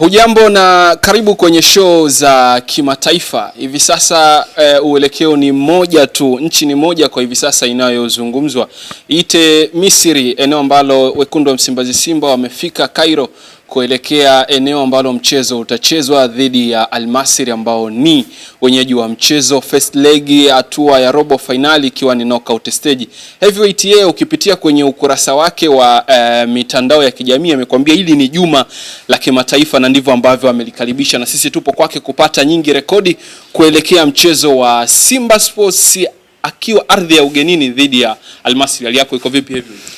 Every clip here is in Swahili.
Hujambo na karibu kwenye show za kimataifa. Hivi sasa e, uelekeo ni moja tu, nchi ni moja kwa hivi sasa inayozungumzwa, ite Misri, eneo ambalo wekundu wa Msimbazi Simba wamefika Cairo kuelekea eneo ambalo mchezo utachezwa dhidi ya Almasiri ambao ni wenyeji wa mchezo first leg hatua ya robo fainali ikiwa ni knockout stage. Heavyweight yeye ukipitia kwenye ukurasa wake wa uh, mitandao ya kijamii amekwambia hili ni juma la kimataifa, na ndivyo ambavyo amelikaribisha, na sisi tupo kwake kupata nyingi rekodi kuelekea mchezo wa Simba Sports akiwa ardhi ya ugenini dhidi ya Almasiri. Hali yako iko vipi? Heavyweight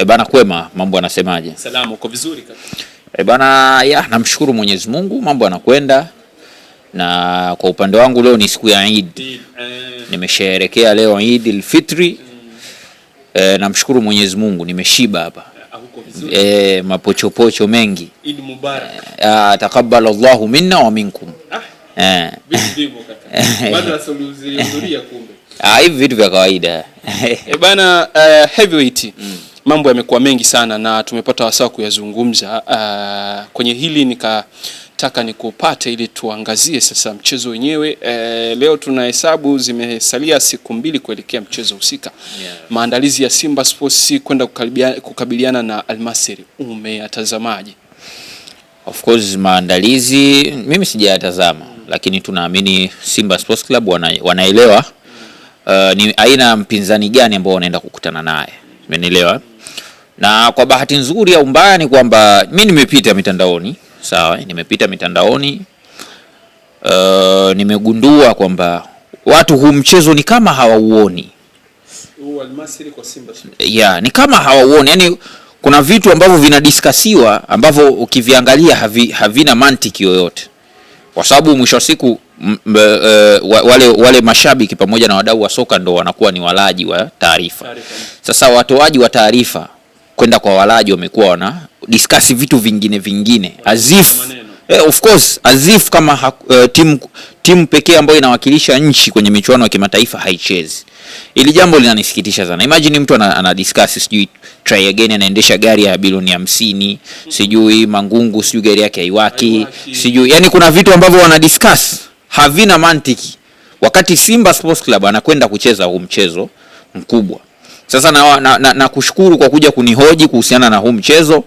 e bana, kwema, mambo anasemaje? Salamu, uko vizuri kaka. E eh, bana ya, namshukuru Mwenyezi Mungu, mambo yanakwenda, na kwa upande wangu leo ni siku ya Eid, Nimesherehekea leo Eid al-Fitri. E, namshukuru Mwenyezi Mungu, nimeshiba hapa e, mapochopocho mengi. Eid Mubarak, e, ah, takabbalallahu minna wa minkum. Ah, ah, hivi vitu vya kawaida e bana, uh, Heavyweight mm mambo yamekuwa mengi sana na tumepata wasaa kuyazungumza. Uh, kwenye hili nikataka nikupate ili tuangazie sasa mchezo wenyewe. Uh, leo tunahesabu zimesalia siku mbili kuelekea mchezo husika, yeah. Maandalizi ya Simba Sports kwenda kukabiliana na Almasiri umeyatazamaje? Of course maandalizi mimi sijayatazama, mm. lakini tunaamini Simba Sports Club wana, wanaelewa mm. uh, ni aina ya mpinzani gani ambao wanaenda kukutana naye, mm na kwa bahati nzuri au mbaya ni kwamba mi nimepita mitandaoni sawa, nimepita mitandaoni uh, nimegundua kwamba watu huu mchezo ni kama hawauoni yeah, ni kama hawauoni yani, kuna vitu ambavyo vinadiskasiwa ambavyo ukiviangalia havi, havina mantiki yoyote, kwa sababu mwisho wa siku uh, wale, wale mashabiki pamoja na wadau wa soka ndo wanakuwa ni walaji wa taarifa. Sasa watoaji wa taarifa kwenda kwa walaji wamekuwa wana discuss vitu vingine vingine as if eh, of course as if kama ha, uh, timu timu pekee ambayo inawakilisha nchi kwenye michuano ya kimataifa haichezi. Ili jambo linanisikitisha sana. Imagine mtu ana, ana discuss sijui try again anaendesha gari ya bilioni hamsini, sijui Mangungu sijui gari yake haiwaki, sijui yani kuna vitu ambavyo wana discuss havina mantiki. Wakati Simba Sports Club anakwenda kucheza huu mchezo mkubwa sasa na, na, na, na kushukuru kwa kuja kunihoji kuhusiana na huu mchezo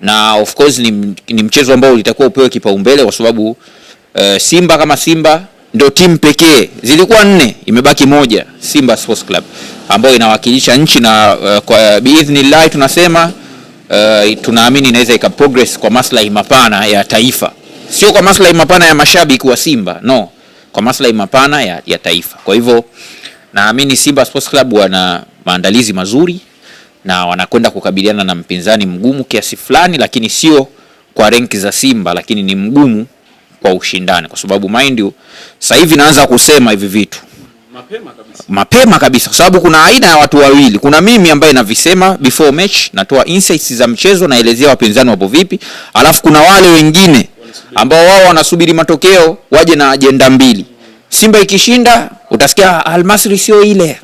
na of course ni, ni mchezo ambao ulitakiwa upewe kipaumbele kwa sababu uh, Simba kama Simba ndio timu pekee, zilikuwa nne, imebaki moja, Simba Sports Club ambayo inawakilisha nchi na uh, kwa biidhnillah tunasema uh, tunaamini inaweza ika progress kwa maslahi mapana ya taifa, sio kwa maslahi mapana ya mashabiki wa Simba, no, kwa maslahi mapana ya, ya taifa. Kwa hivyo naamini Simba Sports Club wana maandalizi mazuri na wanakwenda kukabiliana na mpinzani mgumu kiasi fulani, lakini sio kwa renki za Simba, lakini ni mgumu kwa ushindani, kwa sababu mind you sasa hivi naanza kusema hivi vitu mapema kabisa, mapema kabisa, kwa sababu kuna aina ya watu wawili. Kuna mimi ambaye navisema before match, natoa insights za mchezo, naelezea wapinzani wapo vipi, alafu kuna wale wengine ambao wao wanasubiri matokeo waje na ajenda mbili. Simba ikishinda utasikia Almasri sio ile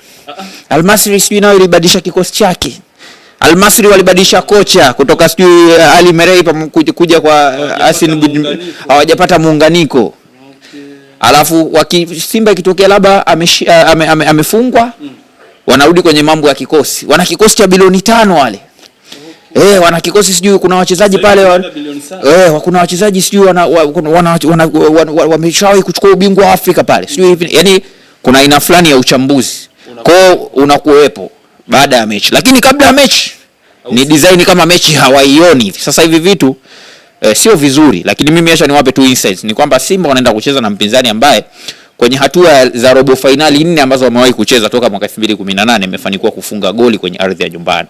Almasri sijui nayo ilibadilisha kikosi chake. Almasri walibadilisha kocha kutoka sijui eh, Ali Merei kuja kwa eh, Asin, hawajapata muunganiko. okay. Alafu waki Simba ikitokea labda amefungwa eh, ame, ame, ame mm. Wanarudi kwenye mambo ya kikosi, wana kikosi cha bilioni tano wale okay. Eh, wana kikosi sijui kuna wachezaji pale wa, eh, kuna wachezaji sijui wana, wana, wameshawahi kuchukua ubingwa wa Afrika pale sijui mm. Yani kuna aina fulani ya uchambuzi kwao unakuwepo baada ya mechi, lakini kabla ya mechi ni design kama mechi hawaioni Sasa hivi vitu eh, sio vizuri, lakini mimi acha niwape tu insights ni kwamba Simba wanaenda kucheza na mpinzani ambaye kwenye hatua za robo fainali nne ambazo wamewahi kucheza toka mwaka 2018 imefanikiwa kufunga goli kwenye ardhi ya nyumbani.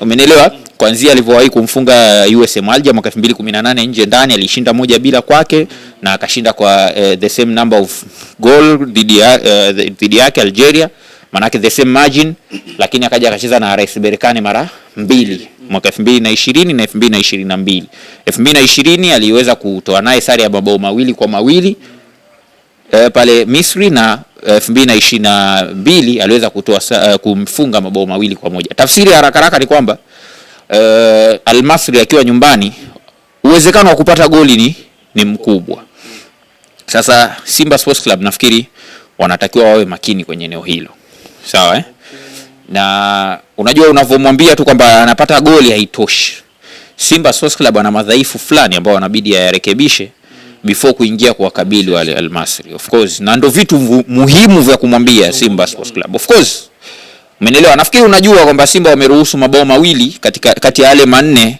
Umenielewa? Kwanzia alivyowahi kumfunga USM alja mwaka 2018 nje ndani, alishinda moja bila kwake na akashinda kwa uh, the same number of goal dhidi uh, dhidi yake Algeria manake the same margin, lakini akaja akacheza na rais Berkane mara mbili mwaka 2020 na 2022. 2020 aliweza kutoa naye sare ya mabao mawili kwa mawili e, pale Misri na 2022 eh, aliweza kutoa uh, kumfunga mabao mawili kwa moja. Tafsiri ya haraka haraka ni kwamba uh, Al-Masri akiwa nyumbani uwezekano wa kupata goli ni, ni mkubwa. Sasa Simba Sports Club nafikiri wanatakiwa wawe makini kwenye eneo hilo sawa eh? na unajua unavyomwambia tu kwamba anapata goli haitoshi. Simba Sports Club ana madhaifu fulani ambao anabidi ayarekebishe before kuingia kuwakabili wale Almasri, of course, na ndo vitu muhimu vya kumwambia Simba Sports Club, of course, umeelewa. Nafikiri unajua kwamba Simba wameruhusu mabao mawili katika kati ya yale manne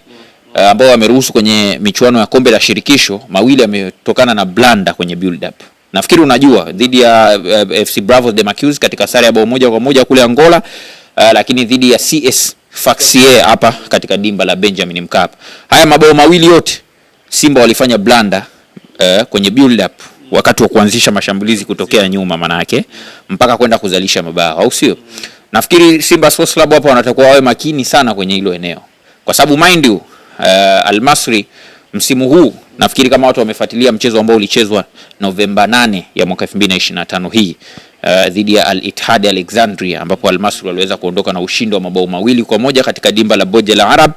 eh, ambao wameruhusu kwenye michuano ya kombe la shirikisho, mawili yametokana na blanda kwenye build up mm nafikiri unajua, dhidi ya uh, eh, FC Bravos de Macuse katika sare ya bao moja kwa moja kule Angola, uh, lakini dhidi ya CS Faxie hapa katika dimba la Benjamin Mkapa. Haya mabao mawili yote Simba walifanya blanda uh, eh, kwenye build up wakati wa kuanzisha mashambulizi kutokea nyuma manake mpaka kwenda kuzalisha mabao au sio? Nafikiri Simba Sports Club hapa wanatakuwa wawe makini sana kwenye hilo eneo, kwa sababu mind you, uh, Almasri msimu huu Nafikiri kama watu wamefuatilia mchezo ambao ulichezwa Novemba 8 ya mwaka 2025 hii uh, dhidi ya Al Ittihad Alexandria ambapo Al waliweza kuondoka na ushindi wa mabao mawili kwa moja katika dimba la boje la Arab.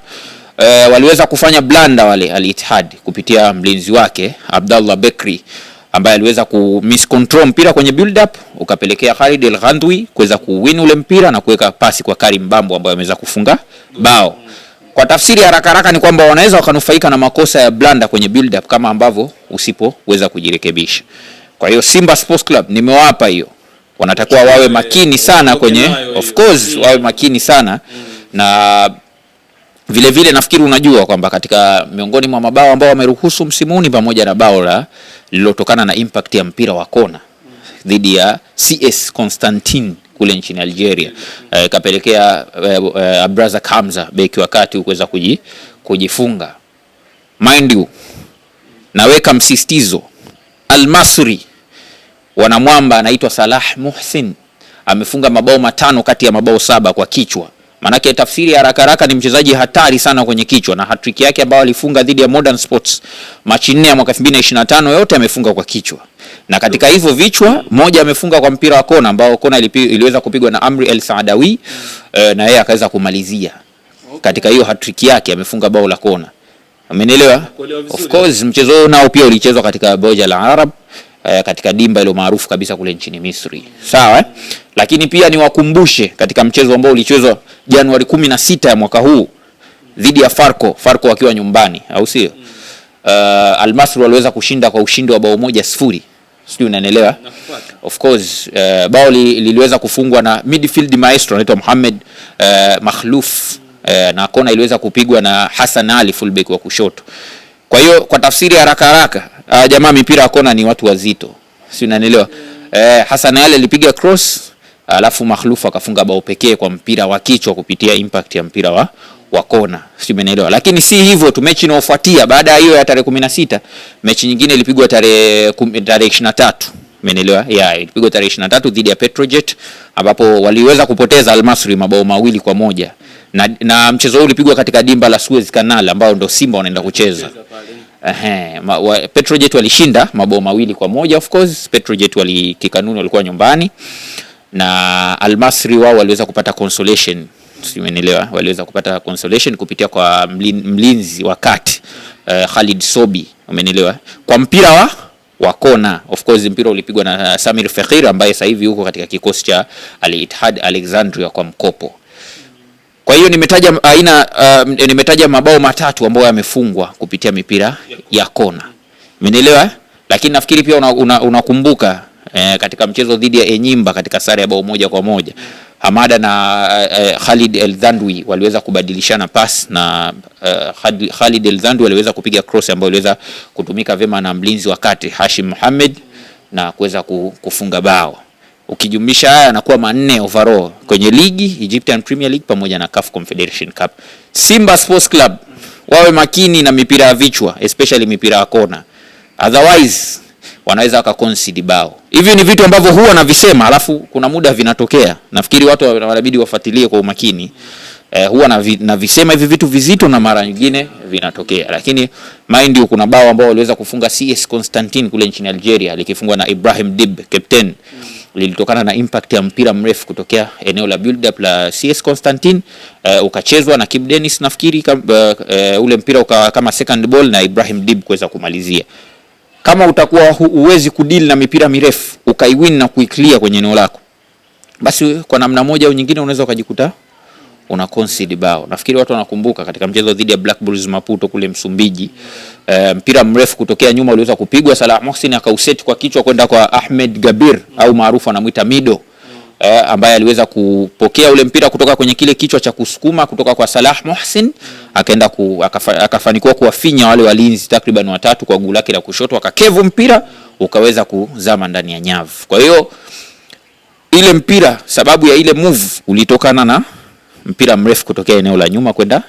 Uh, waliweza kufanya blanda wale Al Ittihad kupitia mlinzi wake Abdallah Bekri ambaye aliweza ku miscontrol mpira kwenye build up ukapelekea Khalid El Ghandwi kuweza kuwin ule mpira na kuweka pasi kwa Karim Bambo ambaye ameweza kufunga bao. Kwa tafsiri haraka haraka ni kwamba wanaweza wakanufaika na makosa ya blanda kwenye build up kama ambavyo usipoweza kujirekebisha. Kwa hiyo Simba Sports Club nimewapa hiyo, wanatakiwa wawe makini sana kwenye, of course wawe makini sana mm. na vile vile nafikiri unajua kwamba katika miongoni mwa mabao ambao wameruhusu msimuni pamoja na bao la lililotokana na impact ya mpira wa kona mm. dhidi ya CS Constantine kule nchini Algeria e, eh, kapelekea e, eh, e, eh, Abraza Kamza beki wa kati kuji, kujifunga. Mind you, naweka msisitizo Al-Masri wanamwamba anaitwa Salah Muhsin amefunga mabao matano kati ya mabao saba kwa kichwa Manake tafsiri ya haraka haraka ni mchezaji hatari sana kwenye kichwa, na hatrick yake ambayo alifunga dhidi ya Modern Sports machi 4 ya mwaka 2025 yote amefunga kwa kichwa, na katika hivyo vichwa moja amefunga kwa mpira wa kona ambao kona ilipi, iliweza kupigwa na Amri El Saadawi eh, na yeye akaweza kumalizia katika hiyo hatrick yake amefunga bao la kona. Umeelewa? Of course mchezo nao pia ulichezwa katika Boja la Arab eh, katika dimba ilo maarufu kabisa kule nchini Misri. Sawa eh? Lakini pia niwakumbushe katika mchezo ambao ulichezwa Januari 16 ya mwaka huu dhidi ya Farco, Farco wakiwa nyumbani, au sio? Uh, al waliweza kushinda kwa ushindi wa bao moja sifuri. Sijui unanielewa? Of course, uh, bao liliweza kufungwa na midfield maestro anaitwa Mohamed uh, eh, Makhlouf uh, na kona iliweza kupigwa na Hassan Ali fullback wa kushoto. Kwa hiyo kwa tafsiri haraka haraka uh, jamaa mipira ya kona ni watu wazito, si unanielewa? Eh, Hassan Ali alipiga cross alafu Makhloufi akafunga bao pekee kwa mpira wa kichwa kupitia impact ya mpira wa wa kona, si umeelewa? Lakini si hivyo tu, mechi inayofuatia baada ya hiyo ya tarehe 16 mechi nyingine ilipigwa tarehe tarehe 23 menelewa Ya ilipigwa tarehe 23 dhidi ya Petrojet ambapo waliweza kupoteza almasri mabao mawili kwa moja na, na mchezo huu ulipigwa katika dimba la Suez Canal ambao ndo Simba wanaenda kucheza Ehe, wa, Petrojet walishinda mabao mawili kwa moja. Of course Petrojet walikikanuni walikuwa nyumbani na Almasri wao waliweza kupata consolation, simenelewa, waliweza kupata consolation kupitia kwa mlin, mlinzi wa kati uh, Khalid Sobi, umenelewa, kwa mpira wa wa kona. Of course mpira ulipigwa na Samir Fekhir ambaye sasa hivi yuko katika kikosi cha Al Ittihad Alexandria kwa mkopo. Kwa hiyo nimetaja uh, aina uh, nimetaja mabao matatu ambayo yamefungwa kupitia mipira ya kona, umenielewa? Eh? Lakini nafikiri pia unakumbuka una, una eh, katika mchezo dhidi ya Enyimba katika sare ya bao moja kwa moja Hamada na eh, eh Khalid El Dhandwi waliweza kubadilishana pass na eh, Khalid El Dhandwi aliweza kupiga cross ambayo iliweza kutumika vema na mlinzi wa kati Hashim Mohamed na kuweza kufunga bao. Ukijumlisha haya anakuwa manne overall kwenye ligi Egyptian Premier League pamoja na CAF Confederation Cup. Simba Sports Club wawe makini na mipira ya vichwa, especially mipira ya kona, otherwise wanaweza waka concede bao. Hivi ni vitu ambavyo huwa navisema, alafu kuna muda vinatokea. Nafikiri watu wanabidi wafuatilie kwa umakini. Eh, huwa navisema hivi vitu vizito na mara nyingine vinatokea, lakini mind you, kuna bao ambao waliweza kufunga CS Constantine kule nchini Algeria, likifungwa na Ibrahim Dib captain mm lilitokana na impact ya mpira mrefu kutokea eneo la build up la CS Constantine uh, ukachezwa na Kip Dennis nafikiri uh, uh, ule mpira uka, kama second ball na Ibrahim Dib kuweza kumalizia. Kama utakuwa huwezi kudeal na mipira mirefu ukaiwin na kuiclear kwenye eneo lako, basi kwa namna moja au nyingine unaweza ukajikuta una concede bao. Nafikiri watu wanakumbuka katika mchezo dhidi ya Black Bulls Maputo kule Msumbiji, e, mpira mrefu kutokea nyuma uliweza kupigwa, Salah Mohsin akauseti kwa kichwa kwenda kwa Ahmed Gabir au maarufu anamuita Mido e, ambaye aliweza kupokea ule mpira kutoka kwenye kile kichwa cha kusukuma kutoka kwa Salah Mohsin akaenda ku, akafa, akafanikiwa kuwafinya wale walinzi takriban watatu kwa guu lake la kushoto, akakevu mpira ukaweza kuzama ndani ya nyavu. Kwa hiyo ile mpira, sababu ya ile move ulitokana na mpira mrefu kutokea eneo la nyuma kwenda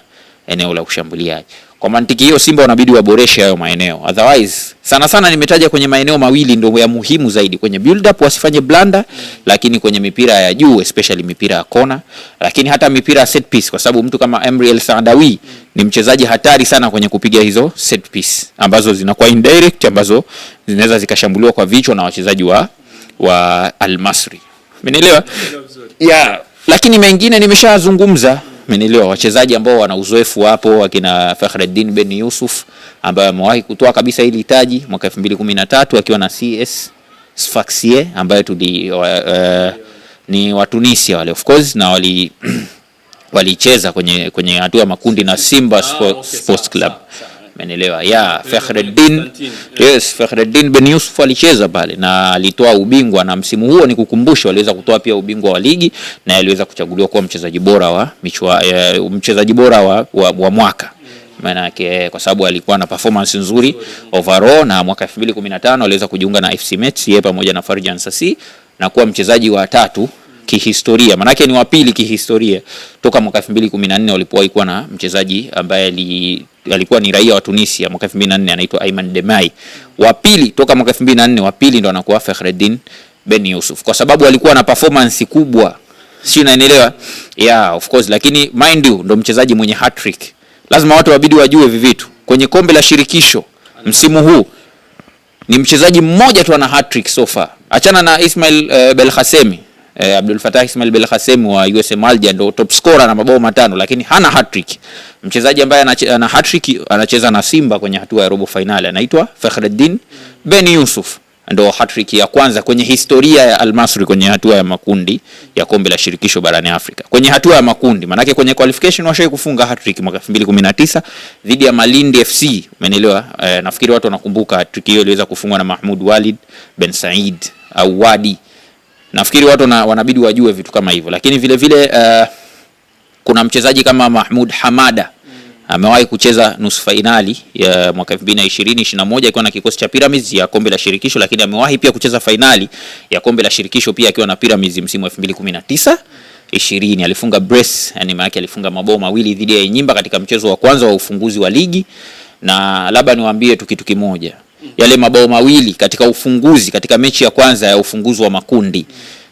eneo la kushambuliaji. Kwa mantiki hiyo, Simba wanabidi waboreshe hayo maeneo, otherwise sana sana nimetaja kwenye maeneo mawili ndio ya muhimu zaidi, kwenye build up wasifanye blanda, lakini kwenye mipira ya juu especially mipira ya kona, lakini hata mipira ya set piece, kwa sababu mtu kama Emri El Sadawi ni mchezaji hatari sana kwenye kupiga hizo set piece ambazo zinakuwa indirect, ambazo zinaweza zikashambuliwa kwa vichwa na wachezaji wa wa Al Masry. Umeelewa? Yeah lakini mengine nimeshazungumza. Mmenielewa, wachezaji ambao wana uzoefu hapo akina Fakhreddin Ben Yusuf ambaye amewahi kutoa kabisa hili hitaji mwaka 2013 akiwa na CS Sfaxien ambaye tuli uh, uh, ni Watunisia wale of course na wali walicheza kwenye kwenye hatua ya makundi na Simba ah, Sports Club menelewa Ya Fakhreddin, yes, Fakhreddin bin Yusuf alicheza pale na alitoa ubingwa, na msimu huo ni kukumbusha, aliweza kutoa pia ubingwa wa ligi na aliweza kuchaguliwa kuwa mchezaji bora wa michwa, eh, mchezaji bora wa, wa, wa mwaka maana yake eh, kwa sababu alikuwa na performance nzuri overall, na mwaka 2015 aliweza kujiunga na FC Metz yeye pamoja na Farjan Sasi na kuwa mchezaji wa tatu kihistoria, maanake ni wapili kihistoria toka mwaka 2014 walipowahi kuwa na mchezaji ambaye alikuwa ni raia wa Tunisia mwaka 2004 anaitwa Ayman Demai. Wa pili toka mwaka 2004, wa pili ndo anakuwa Fakhreddin Ben Yusuf kwa sababu alikuwa na performance kubwa, si naelewa? Yeah, of course, lakini mind you ndo mchezaji mwenye hatrick Lazima watu wabidi wajue hivi vitu. Kwenye kombe la shirikisho msimu huu ni mchezaji mmoja tu ana hatrick trick so far. Achana na Ismail uh, Belhasemi eh, Abdul Fattah Ismail Belhasem wa USM Alger ndio top scorer na mabao matano, lakini hana hat-trick. Mchezaji ambaye ana hat-trick anacheza na Simba kwenye hatua ya robo finali anaitwa Fakhreddin Ben Yusuf, ndio hat-trick ya kwanza kwenye historia ya Al Masry kwenye hatua ya makundi ya kombe la shirikisho barani Afrika. Kwenye hatua ya makundi, manake kwenye qualification washawahi kufunga hat-trick mwaka 2019 dhidi ya Malindi FC, umeelewa? Eh, nafikiri watu wanakumbuka hat-trick hiyo iliweza kufungwa na Mahmoud Walid Ben Said au Wadi Nafikiri watu na, wanabidi wajue vitu kama hivyo, lakini vile vile uh, kuna mchezaji kama Mahmud Hamada mm. amewahi kucheza nusu fainali ya mwaka 2020 21 akiwa na kikosi cha Pyramids ya kombe la shirikisho, lakini amewahi pia kucheza fainali ya kombe la shirikisho pia akiwa na Pyramids msimu wa 2019 20. Alifunga brace, yani maana alifunga mabao mawili dhidi ya nyimba katika mchezo wa kwanza wa ufunguzi wa ligi, na labda niwaambie tu kitu kimoja yale mabao mawili katika ufunguzi katika mechi ya kwanza ya ufunguzi wa makundi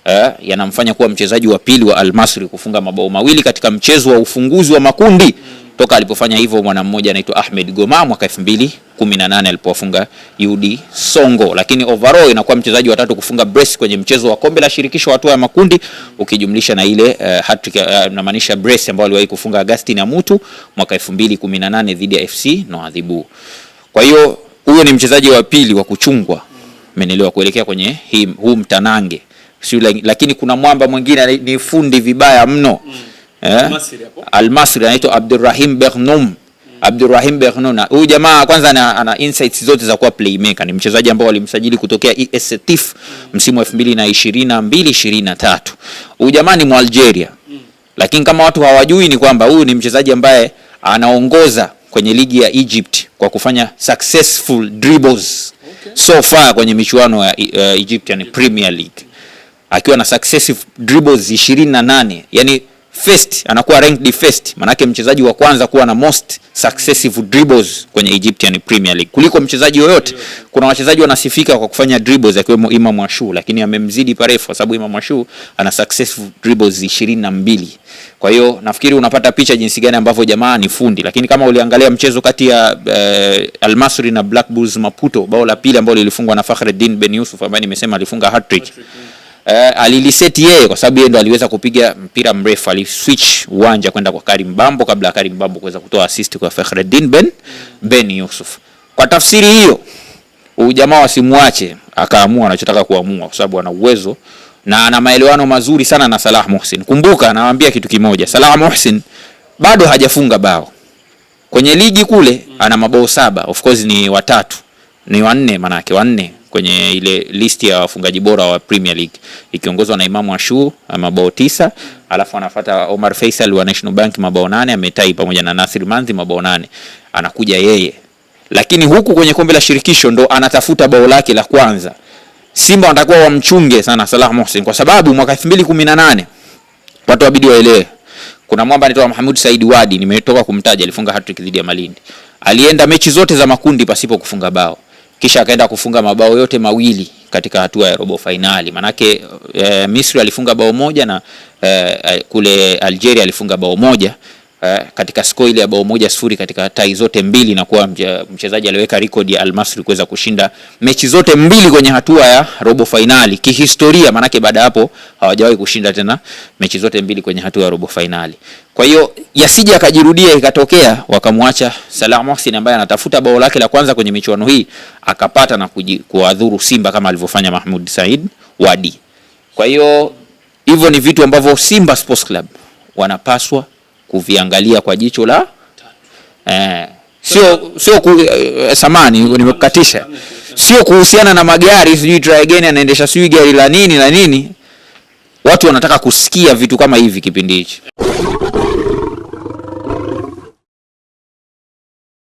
eh, yanamfanya kuwa mchezaji wa pili wa Almasri kufunga mabao mawili katika mchezo wa ufunguzi wa makundi toka alipofanya hivyo mwana mmoja anaitwa Ahmed Goma mwaka 2018 alipofunga UD Songo. Lakini overall inakuwa mchezaji wa tatu kufunga brace kwenye mchezo wa kombe la shirikisho hatua ya makundi ukijumlisha na ile uh, hat-trick uh, namaanisha brace ambayo aliwahi kufunga Agustin Amutu mwaka 2018 dhidi ya FC Noadhibu. Kwa hiyo huyo ni mchezaji wa pili wa kuchungwa, umeelewa, kuelekea kwenye him, huu mtanange sio, lakini kuna mwamba mwingine ni fundi vibaya mno mm. eh? Almasri anaitwa abdurahim Bernum mm. abdurahim Bernum. Huyu jamaa kwanza ana, ana insights zote za kuwa playmaker. Ni mchezaji ambao walimsajili kutokea ES mm. msimu wa 2022 2023. Huyu jamaa ni Mwalgeria, mm. lakini kama watu hawajui ni kwamba huyu ni mchezaji ambaye anaongoza kwenye ligi ya Egypt kwa kufanya successful dribbles okay. so far kwenye michuano ya uh, Egyptian Premier League akiwa na successive dribbles 28 yani first, anakuwa ranked first, manake mchezaji wa kwanza kuwa na most successive dribbles kwenye Egyptian Premier League kuliko mchezaji yoyote. Kuna wachezaji wanasifika kwa kufanya dribbles akiwemo Imam Ashu, lakini amemzidi parefu kwa sababu Imam Ashu ana successful dribbles 22. Kwa hiyo nafikiri unapata picha jinsi gani ambavyo jamaa ni fundi, lakini kama uliangalia mchezo kati ya eh, Almasri na Black Bulls Maputo, bao la pili ambalo lilifungwa na Fakhreddin Ben Yusuf ambaye nimesema alifunga hat-trick. Hat-trick. Uh, aliliseti yeye kwa sababu yeye ndo aliweza kupiga mpira mrefu, aliswitch uwanja kwenda kwa Karim Bambo kabla ya Karim Bambo kuweza kutoa assist kwa Fakhreddin Ben Ben Yusuf. Kwa tafsiri hiyo, ujamaa wasimuache, akaamua anachotaka kuamua kwa sababu ana uwezo na ana maelewano mazuri sana na Salah Muhsin. Kumbuka anawaambia kitu kimoja, Salah Muhsin bado hajafunga bao kwenye ligi kule, ana mabao saba, of course ni watatu, ni wanne, manake wanne kwenye ile listi ya wafungaji bora wa Premier League ikiongozwa na Imamu Ashu uh, mabao tisa, alafu anafuata Omar Faisal wa National Bank mabao nane ametai pamoja na Nasir Manzi mabao nane. Anakuja yeye, lakini huku kwenye kombe la shirikisho ndo anatafuta bao lake la kwanza. Simba watakuwa wamchunge sana Salah Mohsen kwa sababu mwaka 2018 watu wabidi waelewe kuna mwamba anaitwa Mahmud Said Wadi, nimetoka kumtaja, alifunga hattrick dhidi ya Malindi. Alienda mechi zote za makundi pasipo kufunga bao kisha akaenda kufunga mabao yote mawili katika hatua ya robo fainali. Manake e, Misri alifunga bao moja na e, kule Algeria alifunga bao moja. Eh, katika score ile ya bao moja sifuri katika tai zote mbili na kuwa mchezaji aliweka rekodi ya Almasri kuweza kushinda mechi zote mbili kwenye hatua ya robo finali kihistoria, manake baada hapo hawajawahi kushinda tena mechi zote mbili kwenye hatua ya robo finali. Kwa hiyo yasije akajirudia ikatokea wakamwacha Salah Mohsin ambaye anatafuta bao lake la kwanza kwenye michuano hii akapata na kuwadhuru Simba kama alivyofanya Mahmud Said Wadi. Kwa hiyo hivyo ni vitu ambavyo Simba Sports Club wanapaswa kuviangalia kwa jicho la eh, sio sio eh, samani, nimekukatisha, sio kuhusiana na magari, sijui Trygen anaendesha sijui gari la nini la nini. Watu wanataka kusikia vitu kama hivi kipindi hichi.